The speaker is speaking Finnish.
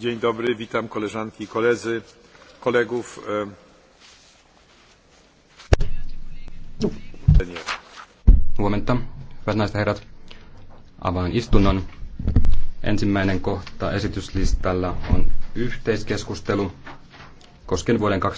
Dzień dobry, witam koleżanki i koledzy, kolegów. E, Huomenta, hyvät naiset herrat. Avaan istunnon. Ensimmäinen kohta esityslistalla on yhteiskeskustelu koskien vuoden